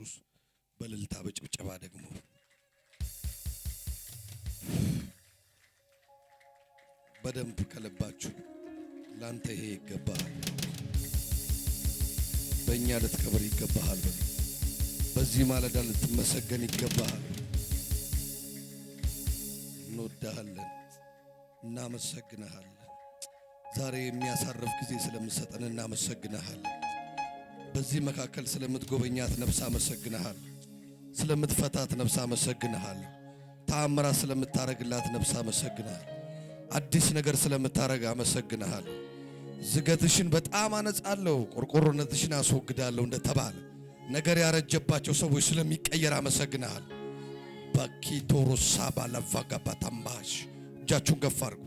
ቅዱስ በልልታ በጭብጨባ ደግሞ በደንብ ከለባችሁ ላንተ ይሄ ይገባሃል፣ በእኛ ልትከብር ይገባሃል፣ በዚህ ማለዳ ልትመሰገን ይገባሃል። እንወዳሃለን፣ እናመሰግንሃለን። ዛሬ የሚያሳርፍ ጊዜ ስለምሰጠን እናመሰግንሃለን። በዚህ መካከል ስለምትጎበኛት ነፍስ አመሰግንሃል። ስለምትፈታት ነፍስ አመሰግንሃል። ተአምራ ስለምታረግላት ነፍስ አመሰግንሃል። አዲስ ነገር ስለምታረግ አመሰግንሃል። ዝገትሽን በጣም አነጻለሁ፣ ቆርቆሮነትሽን አስወግዳለሁ እንደተባለ ነገር ያረጀባቸው ሰዎች ስለሚቀየር አመሰግንሃል። ባኪቶሮሳ ባለቫጋባታምባሽ እጃችሁን ገፋ አርጉ።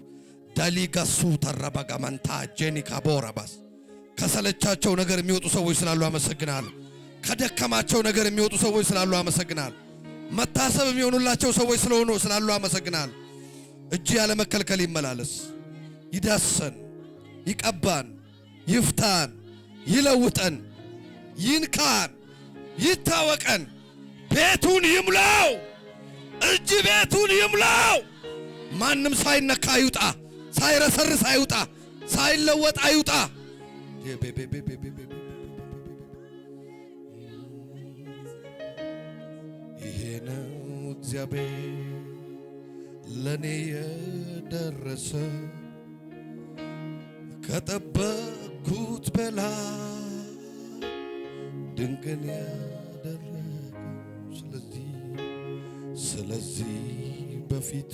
ዳሊጋሱ ተራባጋማንታ ቦራባስ ከሰለቻቸው ነገር የሚወጡ ሰዎች ስላሉ አመሰግናል። ከደከማቸው ነገር የሚወጡ ሰዎች ስላሉ አመሰግናል። መታሰብ የሚሆኑላቸው ሰዎች ስለሆኑ ስላሉ አመሰግናል። እጅ ያለ መከልከል ይመላለስ፣ ይዳሰን፣ ይቀባን፣ ይፍታን፣ ይለውጠን፣ ይንካን፣ ይታወቀን፣ ቤቱን ይምላው እጅ ቤቱን ይምላው ማንም ሳይነካ አይውጣ፣ ሳይረሰርስ አይውጣ፣ ሳይለወጥ አይውጣ። ይሄ ነው እግዚአብሔር ለእኔ የደረሰ ከጠበኩት በላይ ድንቅን ያደረገ ስለዚህ ስለዚህ በፊቱ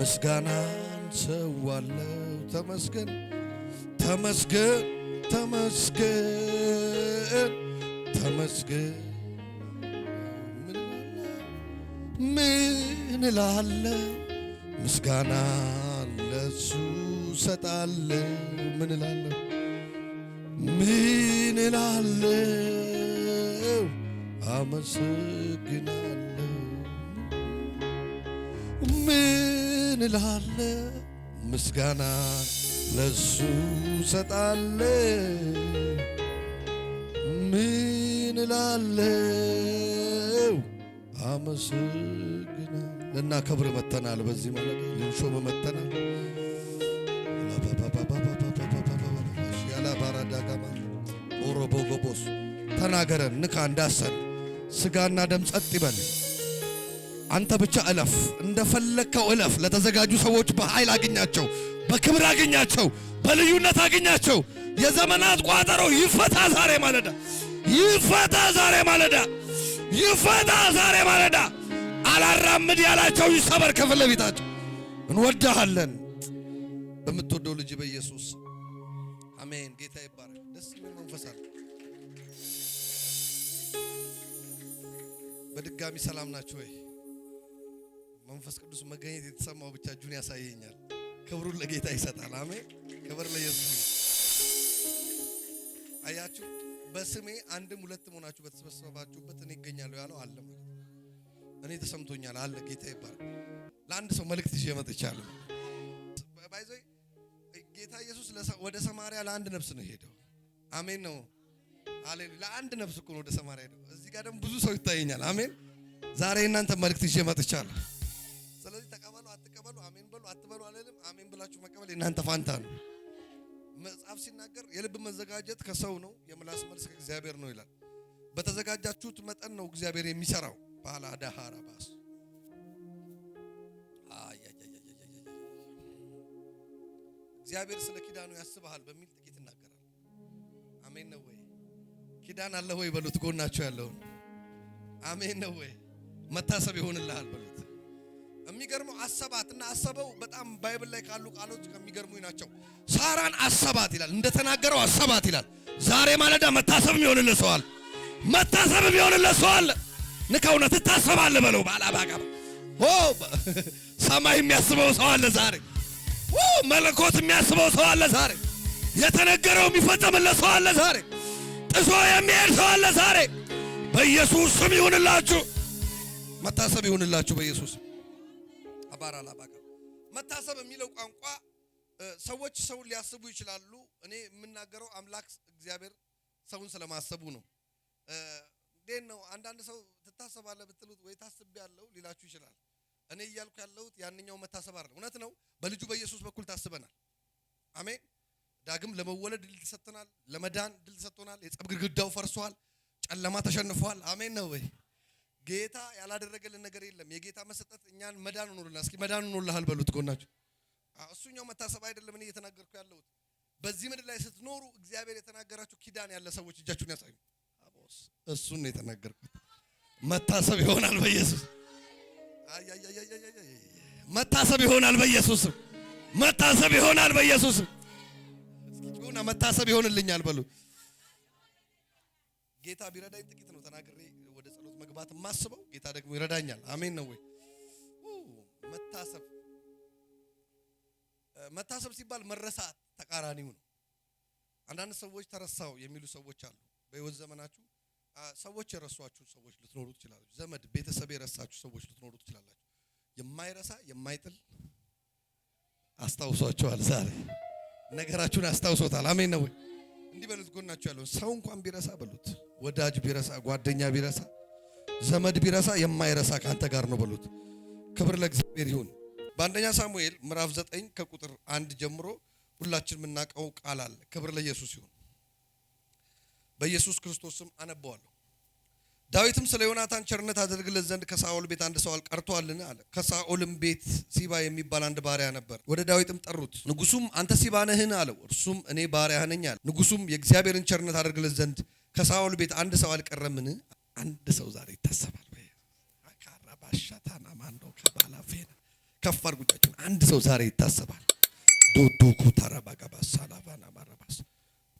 ምስጋናን ሰዋለው ተመስገን ተመስገን ተመስገን ተመስገን ምን እላለሁ ምስጋና ለሱ እሰጣለሁ ምን እላለሁ ምን እላለሁ አመሰግናለሁ ምን እላለሁ ምስጋና ለሱ ሰጣለ ምን ላለው አመስግና ልናከብር መተናል። በዚህ ማለት ልንሾም መተናል። ያላ ተናገረን፣ ንካ እንዳሰን ስጋና ደም ጸጥ ይበል። አንተ ብቻ እለፍ፣ እንደፈለግከው እለፍ። ለተዘጋጁ ሰዎች በኃይል አግኛቸው። በክብር አገኛቸው፣ በልዩነት አገኛቸው። የዘመናት ቋጠሮ ይፈታ ዛሬ ማለዳ፣ ይፈታ ዛሬ ማለዳ፣ ይፈታ ዛሬ ማለዳ። አላራምድ ያላቸው ይሰበር ከፊት ለፊታቸው። እንወዳሃለን በምትወደው ልጅ በኢየሱስ አሜን። ጌታ ይባረክ። ደስ የሚል መንፈስ አለ። በድጋሚ ሰላም ናችሁ ወይ? መንፈስ ቅዱስ መገኘት የተሰማው ብቻ እጁን ያሳየኛል። ክብሩን ለጌታ ይሰጣል። አሜን። ክብር ለኢየሱስ። አያችሁ፣ በስሜ አንድም ሁለትም ሆናችሁ በተሰበሰባችሁበት እኔ ይገኛለሁ ያለው አለ ማለት እኔ ተሰምቶኛል አለ ጌታ ይባላል። ለአንድ ሰው መልእክት ይዤ መጥቻለሁ። ባይዘይ ጌታ ኢየሱስ ወደ ሰማርያ ለአንድ ነፍስ ነው ሄደው። አሜን ነው አሌ ለአንድ ነፍስ እኮ ነው ወደ ሰማርያ ሄደው። እዚህ ጋር ደግሞ ብዙ ሰው ይታየኛል። አሜን። ዛሬ እናንተ መልእክት ይዤ መጥቻለሁ። በሉ አለልም። አሜን ብላችሁ መቀበል የእናንተ ፋንታ ነው። መጽሐፍ ሲናገር የልብ መዘጋጀት ከሰው ነው፣ የምላስ መልስ ከእግዚአብሔር ነው ይላል። በተዘጋጃችሁት መጠን ነው እግዚአብሔር የሚሰራው። ባላ ዳሃራ ባስ እግዚአብሔር ስለ ኪዳኑ ያስብሃል በሚል ጥቂት ይናገራል አሜን ነው ወይ? ኪዳን አለ ወይ በሉት። ጎናቸው ያለውን አሜን ነው ወይ? መታሰብ ይሆንልሃል በሉት። የሚገርመው አሰባት እና አሰበው በጣም ባይብል ላይ ካሉ ቃሎች ከሚገርሙ ናቸው። ሳራን አሰባት ይላል፣ እንደተናገረው አሰባት ይላል። ዛሬ ማለዳ መታሰብ የሚሆንልህ ሰው አለ፣ መታሰብ የሚሆንልህ ሰው አለ። ንከውነ ትታሰባለህ በለው ባላባቃ ኦ ሰማይ የሚያስበው ሰው አለ ዛሬ፣ ኦ መለኮት የሚያስበው ሰው አለ ዛሬ፣ የተነገረው የሚፈጸምለት ሰው አለ ዛሬ፣ ጥሶ የሚሄድ ሰው አለ ዛሬ። በኢየሱስ ስም ይሁንላችሁ፣ መታሰብ ይሁንላችሁ በኢየሱስ ስም። አባራ ላባካ መታሰብ የሚለው ቋንቋ ሰዎች ሰውን ሊያስቡ ይችላሉ። እኔ የምናገረው አምላክ እግዚአብሔር ሰውን ስለማሰቡ ነው። እንዴት ነው አንዳንድ ሰው ትታሰባለህ ብትሉት ወይ ታስብ ያለው ሊላችሁ ይችላል። እኔ እያልኩ ያለሁት ያንኛው መታሰብ አይደለም። እውነት ነው። በልጁ በኢየሱስ በኩል ታስበናል። አሜን። ዳግም ለመወለድ ድል ተሰጥቶናል። ለመዳን ድል ተሰጥቶናል። የጸብ ግድግዳው ፈርሷል። ጨለማ ተሸንፏል። አሜን ነው ወይ ጌታ ያላደረገልን ነገር የለም። የጌታ መሰጠት እኛን መዳን ሆኖልናል። እስኪ መዳን ሆኖልሃል በሉት ጎናችሁ። እሱኛው መታሰብ አይደለም እኔ እየተናገርኩ ያለሁት በዚህ ምድር ላይ ስትኖሩ እግዚአብሔር የተናገራችሁ ኪዳን ያለ ሰዎች እጃችሁን ያሳዩ። እሱን ነው የተናገርኩት። መታሰብ ይሆናል በኢየሱስ መታሰብ ይሆናል በኢየሱስ መታሰብ ይሆናል በኢየሱስ መታሰብ ይሆንልኛል በሉ። ጌታ ቢረዳኝ ጥቂት ነው ተናግሬ መግባት የማስበው ጌታ ደግሞ ይረዳኛል። አሜን ነው ወይ? መታሰብ መታሰብ ሲባል መረሳት ተቃራኒው ነው። አንዳንድ ሰዎች ተረሳው የሚሉ ሰዎች አሉ። በህይወት ዘመናችሁ ሰዎች የረሷችሁ ሰዎች ልትኖሩ ትችላላችሁ። ዘመድ፣ ቤተሰብ የረሳችሁ ሰዎች ልትኖሩ ትችላላችሁ። የማይረሳ የማይጥል አስታውሷቸዋል። ዛሬ ነገራችሁን አስታውሶታል። አሜን ነው ወይ? እንዲህ በሉት፣ ጎናችሁ ያለውን ሰው እንኳን ቢረሳ በሉት፣ ወዳጅ ቢረሳ፣ ጓደኛ ቢረሳ ዘመድ ቢረሳ የማይረሳ ካንተ ጋር ነው በሉት። ክብር ለእግዚአብሔር ይሁን። በአንደኛ ሳሙኤል ምዕራፍ ዘጠኝ ከቁጥር አንድ ጀምሮ ሁላችን የምናውቀው ቃል አለ። ክብር ለኢየሱስ ይሁን። በኢየሱስ ክርስቶስም አነበዋለሁ። ዳዊትም ስለ ዮናታን ቸርነት አደርግለት ዘንድ ከሳኦል ቤት አንድ ሰው ቀርቶአልን አለ። ከሳኦልም ቤት ሲባ የሚባል አንድ ባሪያ ነበር። ወደ ዳዊትም ጠሩት። ንጉሱም አንተ ሲባ ነህን አለው። እርሱም እኔ ባሪያህ ነኝ አለ። ንጉሱም የእግዚአብሔርን ቸርነት አደርግለት ዘንድ ከሳኦል ቤት አንድ ሰው አልቀረምን አንድ ሰው ዛሬ ይታሰባል ወይ? አካራባሻታና ማንዶ ከባላፌና ከፍ አድርጉጫችሁን። አንድ ሰው ዛሬ ይታሰባል። ዶዶ ኩታራ ጋባሳ ላባና ማራባስ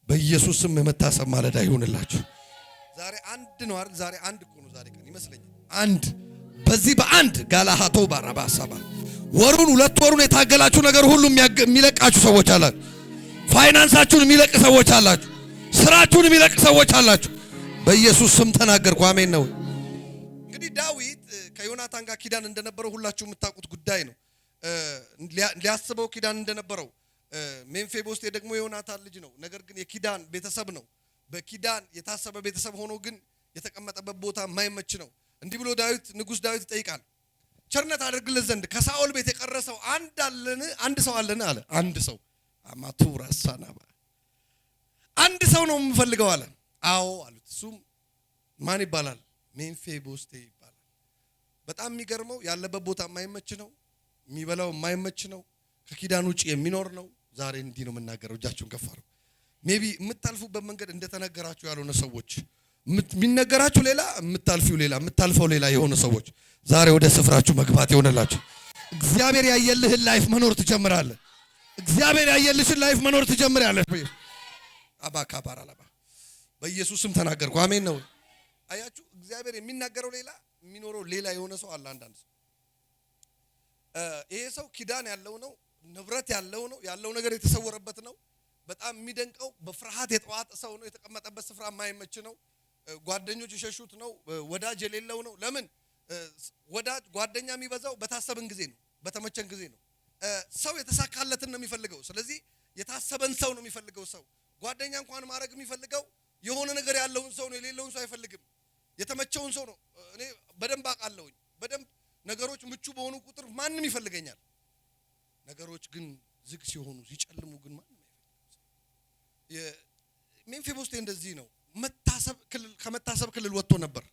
በኢየሱስ ስም የመታሰብ ማለዳ ይሁንላችሁ። ዛሬ አንድ ነው አይደል? ዛሬ አንድ እኮ ነው ዛሬ ቀን ይመስለኛል። አንድ በዚህ በአንድ ጋላሃቶ ባራባ ባራባሳባ ወሩን ሁለት ወሩን የታገላችሁ ነገር ሁሉ የሚለቃችሁ ሰዎች አላችሁ። ፋይናንሳችሁን የሚለቅ ሰዎች አላችሁ። ስራችሁን የሚለቅ ሰዎች አላችሁ። በኢየሱስ ስም ተናገርኩ። አሜን ነው። እንግዲህ ዳዊት ከዮናታን ጋር ኪዳን እንደነበረው ሁላችሁ የምታውቁት ጉዳይ ነው። ሊያስበው ኪዳን እንደነበረው ሜምፊቦስቴ ደግሞ የዮናታን ልጅ ነው፣ ነገር ግን የኪዳን ቤተሰብ ነው። በኪዳን የታሰበ ቤተሰብ ሆኖ ግን የተቀመጠበት ቦታ የማይመች ነው። እንዲህ ብሎ ዳዊት ንጉሥ ዳዊት ይጠይቃል። ቸርነት አድርግልህ ዘንድ ከሳኦል ቤት የቀረሰው አንድ አለን አንድ ሰው አለን አለ። አንድ ሰው አማቱ ራሳና አንድ ሰው ነው የምፈልገው አለ። አዎ አሉት። እሱም ማን ይባላል? ሜምፊቦስቴ ይባላል። በጣም የሚገርመው ያለበት ቦታ የማይመች ነው፣ የሚበላው የማይመች ነው፣ ከኪዳን ውጭ የሚኖር ነው። ዛሬ እንዲህ ነው የምናገረው። እጃችሁን ከፋሩ ሜቢ የምታልፉበት መንገድ እንደተነገራችሁ ያልሆነ ሰዎች፣ የሚነገራችሁ ሌላ፣ የምታልፊው ሌላ፣ የምታልፈው ሌላ የሆነ ሰዎች ዛሬ ወደ ስፍራችሁ መግባት የሆነላችሁ እግዚአብሔር ያየልህን ላይፍ መኖር ትጀምራለህ። እግዚአብሔር ያየልሽን ላይፍ መኖር ትጀምራለህ። አባ ካባራ በኢየሱስም ተናገርኩ። አሜን ነው። አያችሁ እግዚአብሔር የሚናገረው ሌላ የሚኖረው ሌላ የሆነ ሰው አለ። አንዳንድ ሰው ይሄ ሰው ኪዳን ያለው ነው፣ ንብረት ያለው ነው፣ ያለው ነገር የተሰወረበት ነው። በጣም የሚደንቀው በፍርሃት የተዋጠ ሰው ነው። የተቀመጠበት ስፍራ የማይመች ነው። ጓደኞች የሸሹት ነው። ወዳጅ የሌለው ነው። ለምን ወዳጅ ጓደኛ የሚበዛው በታሰብን ጊዜ ነው፣ በተመቸን ጊዜ ነው። ሰው የተሳካለትን ነው የሚፈልገው። ስለዚህ የታሰበን ሰው ነው የሚፈልገው። ሰው ጓደኛ እንኳን ማድረግ የሚፈልገው የሆነ ነገር ያለውን ሰው ነው፣ የሌለውን ሰው አይፈልግም። የተመቸውን ሰው ነው። እኔ በደንብ አውቃለሁኝ። በደንብ ነገሮች ምቹ በሆኑ ቁጥር ማንም ይፈልገኛል። ነገሮች ግን ዝግ ሲሆኑ ሲጨልሙ ግን ማንም ሜምፊቦስቴ እንደዚህ ነው። መታሰብ ክልል ከመታሰብ ክልል ወጥቶ ነበር።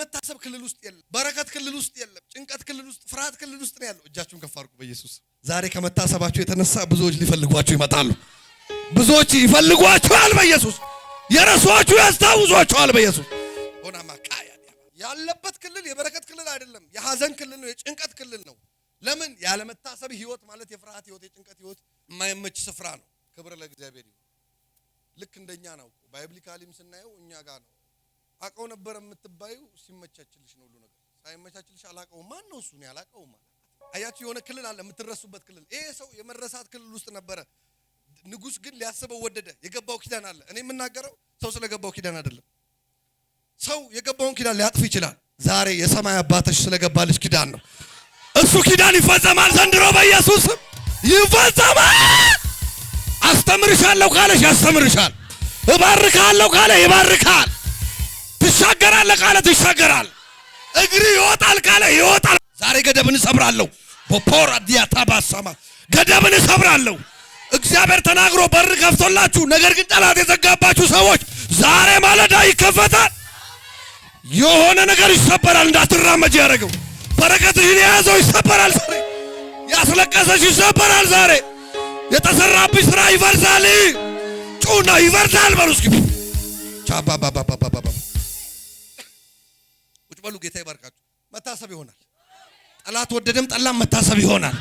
መታሰብ ክልል ውስጥ የለም። በረከት ክልል ውስጥ የለም። ጭንቀት ክልል ውስጥ፣ ፍርሃት ክልል ውስጥ ነው ያለው። እጃችሁን ከፍ አድርጉ በኢየሱስ። ዛሬ ከመታሰባችሁ የተነሳ ብዙዎች ሊፈልጓችሁ ይመጣሉ። ብዙዎች ይፈልጓቸዋል በኢየሱስ የረሷቹ ያስታውሷቸዋል በኢየሱስ ሆናማ ያለበት ክልል የበረከት ክልል አይደለም፣ የሐዘን ክልል ነው፣ የጭንቀት ክልል ነው። ለምን ያለመታሰብ ህይወት ማለት የፍርሃት ህይወት፣ የጭንቀት ህይወት የማይመች ስፍራ ነው። ክብር ለእግዚአብሔር ይሁን። ልክ እንደኛ ነው። ባይብሊካሊም ስናየው እኛ ጋር ነው። አቀው ነበር የምትባዩ ሲመቻችልሽ ነው ሁሉ ነገር፣ ሳይመቻችልሽ አላውቀው ማን ነው እሱ ነው ያላውቀው ማለት አያችሁ። የሆነ ክልል አለ የምትረሱበት ክልል። ይሄ ሰው የመረሳት ክልል ውስጥ ነበረ። ንጉስ ግን ሊያስበው ወደደ። የገባው ኪዳን አለ። እኔ የምናገረው ሰው ስለገባው ኪዳን አይደለም። ሰው የገባውን ኪዳን ሊያጥፍ ይችላል። ዛሬ የሰማይ አባትሽ ስለገባልሽ ኪዳን ነው። እሱ ኪዳን ይፈጸማል ዘንድሮ በኢየሱስ ይፈጸማል። አስተምርሻለሁ ካለሽ ያስተምርሻል። እባርካለሁ ካለ ይባርካል። ትሻገራለ ካለ ትሻገራል። እግሪ ይወጣል ካለ ይወጣል። ዛሬ ገደብን እሰብራለሁ። በፖራ ዲያታባሳማ ገደብን እሰብራለሁ። እግዚአብሔር ተናግሮ በር ከፍቶላችሁ፣ ነገር ግን ጠላት የዘጋባችሁ ሰዎች ዛሬ ማለዳ ይከፈታል። የሆነ ነገር ይሰበራል። እንዳትራመጅ ያደረገው በረከትሽን የያዘው ይሰበራል። ዛሬ ያስለቀሰሽ ይሰበራል። ዛሬ የተሰራብሽ ስራ ይፈርሳል። ጩና ይፈርሳል። በሉ እስኪ ቁጭ በሉ። ጌታ ይባርካችሁ። መታሰብ ይሆናል። ጠላት ወደደም ጠላም መታሰብ ይሆናል።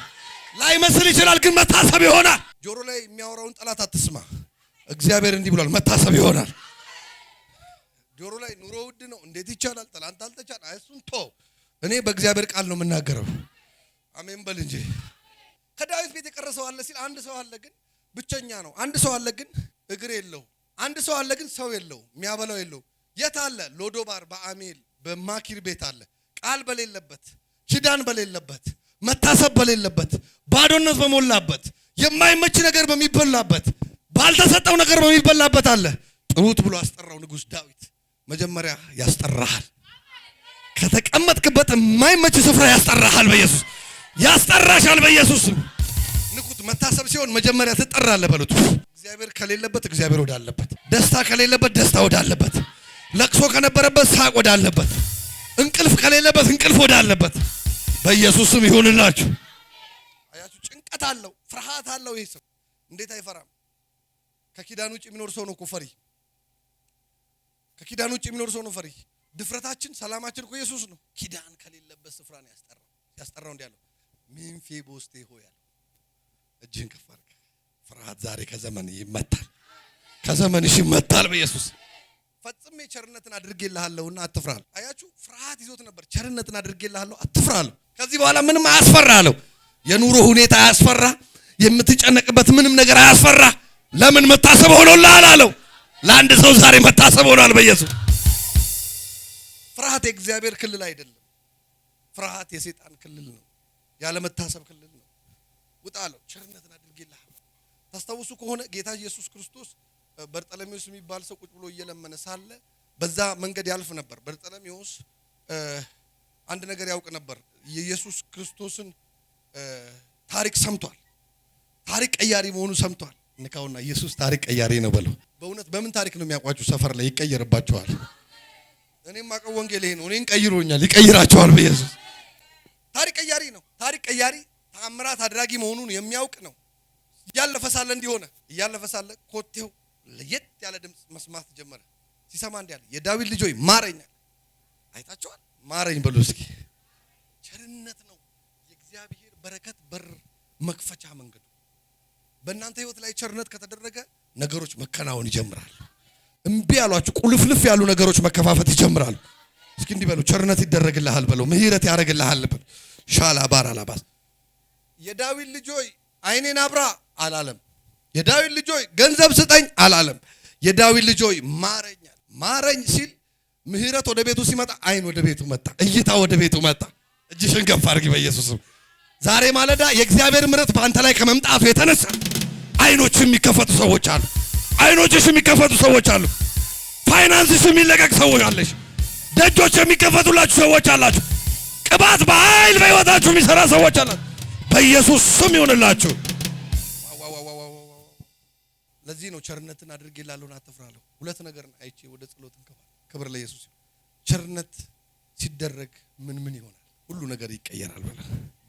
ላይመስል ይችላል፣ ግን መታሰብ ይሆናል። ጆሮ ላይ የሚያወራውን ጠላት አትስማ። እግዚአብሔር እንዲህ ብሏል፣ መታሰብ ይሆናል። ጆሮ ላይ ኑሮ ውድ ነው፣ እንዴት ይቻላል፣ ትላንት አልተቻለ፣ እሱን ቶ እኔ በእግዚአብሔር ቃል ነው የምናገረው። አሜን በል እንጂ ከዳዊት ቤት የቀረ ሰው አለ ሲል አንድ ሰው አለ፣ ግን ብቸኛ ነው። አንድ ሰው አለ፣ ግን እግር የለው። አንድ ሰው አለ፣ ግን ሰው የለው፣ የሚያበላው የለው። የት አለ? ሎዶባር በአሜል በማኪር ቤት አለ። ቃል በሌለበት ኪዳን በሌለበት መታሰብ በሌለበት፣ ባዶነት በሞላበት፣ የማይመች ነገር በሚበላበት፣ ባልተሰጠው ነገር በሚበላበት አለ ጥሩት ብሎ ያስጠራው ንጉሥ ዳዊት መጀመሪያ ያስጠራሃል። ከተቀመጥክበት የማይመች ስፍራ ያስጠራሃል። በኢየሱስ ያስጠራሻል። በኢየሱስ ንቁት። መታሰብ ሲሆን መጀመሪያ ትጠራለህ በሉት። እግዚአብሔር ከሌለበት እግዚአብሔር ወዳለበት፣ ደስታ ከሌለበት ደስታ ወዳለበት፣ ለቅሶ ከነበረበት ሳቅ ወዳለበት፣ እንቅልፍ ከሌለበት እንቅልፍ ወዳለበት በኢየሱስም ይሁንላችሁ። አያችሁ፣ ጭንቀት አለው፣ ፍርሃት አለው። ይህ ሰው እንዴት አይፈራም? ከኪዳን ውጭ የሚኖር ሰው ነው እኮ ፈሪ። ከኪዳን ውጭ የሚኖር ሰው ነው ፈሪ። ድፍረታችን፣ ሰላማችን እኮ ኢየሱስ ነው። ኪዳን ከሌለበት ስፍራ ነው ያስጠራው። ያስጠራው እንዲህ አለው፣ ሜምፊቦስቴ ሆይ አለው። እጅህን ከፍ አድርግ። ፍርሃት ዛሬ ከዘመን ይመታል፣ ከዘመንሽ ይመታል በኢየሱስ ፈጽሜ ቸርነትን አድርጌልሃለሁና አትፍራል። አያችሁ ፍርሃት ይዞት ነበር። ቸርነትን አድርጌልሃለሁ አትፍራል። ከዚህ በኋላ ምንም አያስፈራ አለው። የኑሮ ሁኔታ አያስፈራ፣ የምትጨነቅበት ምንም ነገር አያስፈራ። ለምን መታሰብ ሆኖልሃል አለው። ለአንድ ሰው ዛሬ መታሰብ ሆኗል በኢየሱስ ፍርሃት የእግዚአብሔር ክልል አይደለም። ፍርሃት የሰይጣን ክልል ነው፣ ያለ መታሰብ ክልል ነው። ውጣ አለው። ቸርነትን አድርጌልሃለሁ። ታስታውሱ ከሆነ ጌታ ኢየሱስ ክርስቶስ በርጠለሜዎስ የሚባል ሰው ቁጭ ብሎ እየለመነ ሳለ በዛ መንገድ ያልፍ ነበር። በርጠለሜዎስ አንድ ነገር ያውቅ ነበር። የኢየሱስ ክርስቶስን ታሪክ ሰምቷል። ታሪክ ቀያሪ መሆኑ ሰምቷል። ንካውና ኢየሱስ ታሪክ ቀያሪ ነው በለው። በእውነት በምን ታሪክ ነው የሚያውቋችሁ? ሰፈር ላይ ይቀየርባቸዋል። እኔም አቀው ወንጌል ይሄ ነው። እኔን ቀይሮኛል፣ ይቀይራቸዋል በኢየሱስ ታሪክ ቀያሪ ነው። ታሪክ ቀያሪ ተአምራት አድራጊ መሆኑን የሚያውቅ ነው። እያለፈ ሳለ እንዲሆነ እያለፈ ሳለ ኮቴው ለየት ያለ ድምፅ መስማት ጀመረ። ሲሰማ እንዲህ ያለ የዳዊት ልጅ ሆይ ማረኝ። አይታችኋል? ማረኝ በሉ እስኪ። ቸርነት ነው የእግዚአብሔር በረከት በር መክፈቻ መንገዱ። በእናንተ ህይወት ላይ ቸርነት ከተደረገ ነገሮች መከናወን ይጀምራል። እምቢ ያሏችሁ ቁልፍልፍ ያሉ ነገሮች መከፋፈት ይጀምራሉ። እስኪ እንዲህ በሉ፣ ቸርነት ይደረግልሃል በለው፣ ምህረት ያደረግልሃል በሉ። ሻላ ባር አላባስ የዳዊት ልጅ ሆይ አይኔን አብራ አላለም። የዳዊት ልጆይ ገንዘብ ስጠኝ አላለም። የዳዊት ልጆይ ማረኛል ማረኝ ሲል ምህረት ወደ ቤቱ ሲመጣ አይን ወደ ቤቱ መጣ፣ እይታ ወደ ቤቱ መጣ። እጅሽን ከፍ አድርጊ በኢየሱስም። ዛሬ ማለዳ የእግዚአብሔር ምረት በአንተ ላይ ከመምጣቱ የተነሳ አይኖች የሚከፈቱ ሰዎች አሉ። አይኖችሽ የሚከፈቱ ሰዎች አሉ። ፋይናንስሽ የሚለቀቅ ሰዎች አለሽ። ደጆች የሚከፈቱላችሁ ሰዎች አላችሁ። ቅባት በኃይል በሕይወታችሁ የሚሰራ ሰዎች አላችሁ። በኢየሱስ ስም ይሆንላችሁ። ለዚህ ነው ቸርነትን አድርጌላለሁን አትፍራለሁ። ሁለት ነገር አይቼ ወደ ጸሎት እንገባ። ክብር ለኢየሱስ። ቸርነት ሲደረግ ምን ምን ይሆናል? ሁሉ ነገር ይቀየራል በለ።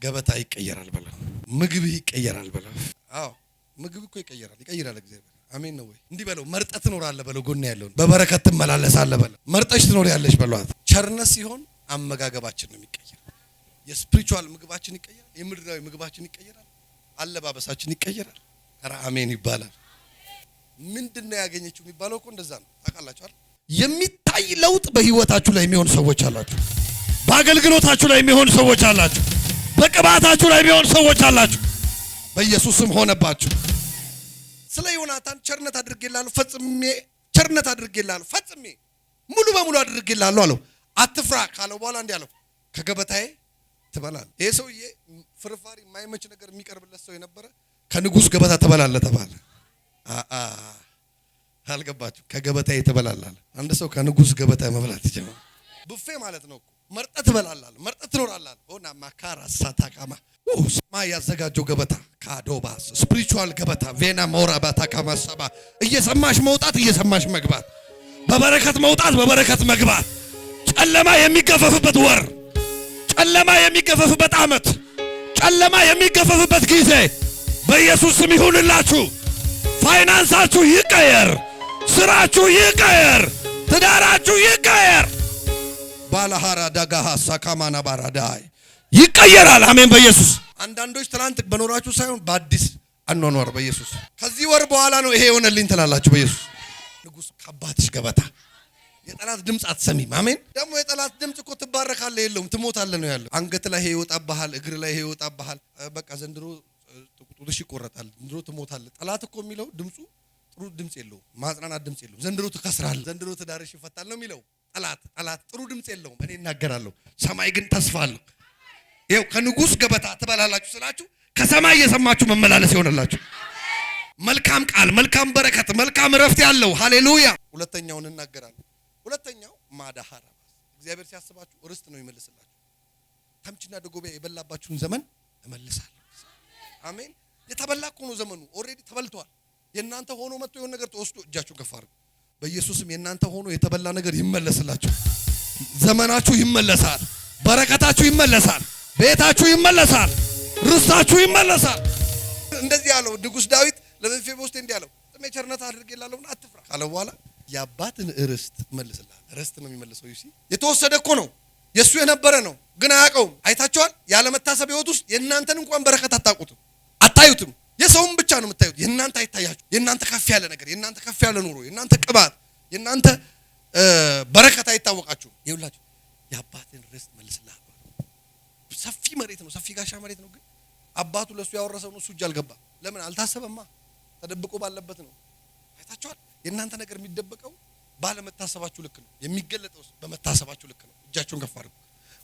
ገበታ ይቀየራል በለ። ምግብ ይቀየራል በለ። አዎ ምግብ እኮ ይቀየራል፣ ይቀየራል። እግዚአብሔር። አሜን ነው ወይ? እንዲህ በለው፣ መርጠህ አለ በለው። ጎን ያለውን በበረከት ትመላለሳለህ በለው። መርጠሽ ትኖር ያለሽ በሏት ቸርነት ሲሆን አመጋገባችን ነው የሚቀየር። የስፕሪቹዋል ምግባችን ይቀየራል፣ የምድራዊ ምግባችን ይቀየራል፣ አለባበሳችን ይቀየራል። ኧረ አሜን ይባላል። ምንድን ነው ያገኘችው የሚባለው እኮ እንደዛ ነው። ታውቃላችኋል። የሚታይ ለውጥ በህይወታችሁ ላይ የሚሆን ሰዎች አላችሁ። በአገልግሎታችሁ ላይ የሚሆን ሰዎች አላችሁ። በቅባታችሁ ላይ የሚሆን ሰዎች አላችሁ። በኢየሱስም ሆነባችሁ። ስለ ዮናታን ቸርነት አድርጌላለሁ ፈጽሜ፣ ቸርነት አድርጌላለሁ ፈጽሜ፣ ሙሉ በሙሉ አድርጌላለሁ አለው። አትፍራ ካለው በኋላ እንዲህ አለው፣ ከገበታዬ ትበላለህ። ይህ ሰውዬ ፍርፋሪ የማይመች ነገር የሚቀርብለት ሰው የነበረ ከንጉስ ገበታ ትበላለህ ተባለ። አልገባችሁ? ከገበታ የተበላላል። አንድ ሰው ከንጉስ ገበታ መብላት ይችላል። ቡፌ ማለት ነው። መርጠ ትበላላል፣ መርጠ ትኖራላል። ሆና ማካራ ሳታቃማ ሰማይ ያዘጋጀው ገበታ ካዶባስ ስፕሪቹዋል ገበታ ቬና መውራ ባታካማ ሰባ እየሰማሽ መውጣት፣ እየሰማሽ መግባት፣ በበረከት መውጣት፣ በበረከት መግባት፣ ጨለማ የሚገፈፍበት ወር፣ ጨለማ የሚገፈፍበት ዓመት፣ ጨለማ የሚገፈፍበት ጊዜ በኢየሱስ ስም ይሁንላችሁ። ፋይናንሳችሁ ይቀየር፣ ስራችሁ ይቀየር፣ ትዳራችሁ ይቀየር። ባለሃራ ዳጋሃ ሳካማና ባራዳይ ይቀየራል። አሜን በኢየሱስ አንዳንዶች ትናንት በኖራችሁ ሳይሆን በአዲስ አኗኗር በኢየሱስ ከዚህ ወር በኋላ ነው ይሄ የሆነልኝ ትላላችሁ። በኢየሱስ ንጉሥ ከአባትሽ ገበታ የጠላት ድምፅ አትሰሚም። አሜን ደግሞ የጠላት ድምፅ እኮ ትባረካለህ የለውም ትሞታለህ ነው ያለው። አንገት ላይ ይሄ ይወጣብሃል፣ እግር ላይ ይሄ ይወጣብሃል። በቃ ዘንድሮ ጡትሽ ይቆረጣል፣ ዘንድሮ ትሞታለህ። ጠላት እኮ የሚለው ድምፁ ጥሩ ድምፅ የለውም፣ ማጽናናት ድምፅ የለውም። ዘንድሮ ትከስራለህ፣ ዘንድሮ ትዳርሽ ይፈታል ነው የሚለው ጠላት። ጠላት ጥሩ ድምፅ የለውም። እኔ እናገራለሁ፣ ሰማይ ግን ተስፋ አለ። ይኸው ከንጉሥ ገበታ ትበላላችሁ ስላችሁ ከሰማይ እየሰማችሁ መመላለስ ይሆንላችሁ መልካም ቃል፣ መልካም በረከት፣ መልካም እረፍት ያለው ሃሌሉያ። ሁለተኛውን እናገራለሁ። ሁለተኛው ማዳሃራ እግዚአብሔር ሲያስባችሁ ርስት ነው ይመልስላችሁ። ተምችና ደጎቢያ የበላባችሁን ዘመን እመልሳለሁ። አሜን። የተበላ እኮ ነው ዘመኑ። ኦልሬዲ ተበልቷል። የእናንተ ሆኖ መጥቶ የሆነ ነገር ተወስዶ እጃችሁ ከፍ አድርጉ። በኢየሱስም የእናንተ ሆኖ የተበላ ነገር ይመለስላችሁ። ዘመናችሁ ይመለሳል። በረከታችሁ ይመለሳል። ቤታችሁ ይመለሳል። ርስታችሁ ይመለሳል። እንደዚህ ያለው ንጉሥ ዳዊት ለሜምፊቦስቴ እንዲህ ያለው ጥሜ ቸርነት አድርጌላለሁና አትፍራ ካለ በኋላ የአባትን ርስት መልስላል። ርስት ነው የሚመልሰው። ዩሲ የተወሰደ እኮ ነው የእሱ የነበረ ነው፣ ግን አያውቀውም። አይታችኋል። ያለመታሰብ ህይወት ውስጥ የእናንተን እንኳን በረከት አታውቁትም። አታዩትም። የሰውን ብቻ ነው የምታዩት። የእናንተ አይታያችሁ። የእናንተ ከፍ ያለ ነገር፣ የእናንተ ከፍ ያለ ኑሮ፣ የእናንተ ቅባት፣ የእናንተ በረከት አይታወቃችሁ ይውላችሁ የአባትን ርስት መልስላ። ሰፊ መሬት ነው፣ ሰፊ ጋሻ መሬት ነው። ግን አባቱ ለእሱ ያወረሰው ነው። እሱ እጅ አልገባ። ለምን አልታሰበማ? ተደብቆ ባለበት ነው። አይታችኋል። የእናንተ ነገር የሚደበቀው ባለመታሰባችሁ ልክ ነው። የሚገለጠው በመታሰባችሁ ልክ ነው። እጃችሁን ከፍ አድርጉ።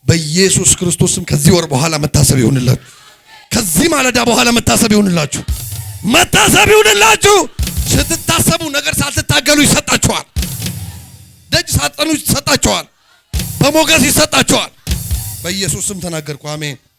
በኢየሱስ ክርስቶስም ከዚህ ወር በኋላ መታሰብ ይሆንላችሁ። ከዚህ ማለዳ በኋላ መታሰብ ይሁንላችሁ፣ መታሰብ ይሁንላችሁ። ስትታሰቡ ነገር ሳትታገሉ ይሰጣችኋል። ደጅ ሳትጠኑ ይሰጣችኋል። በሞገስ ይሰጣችኋል። በኢየሱስ ስም ተናገርኩ። አሜን።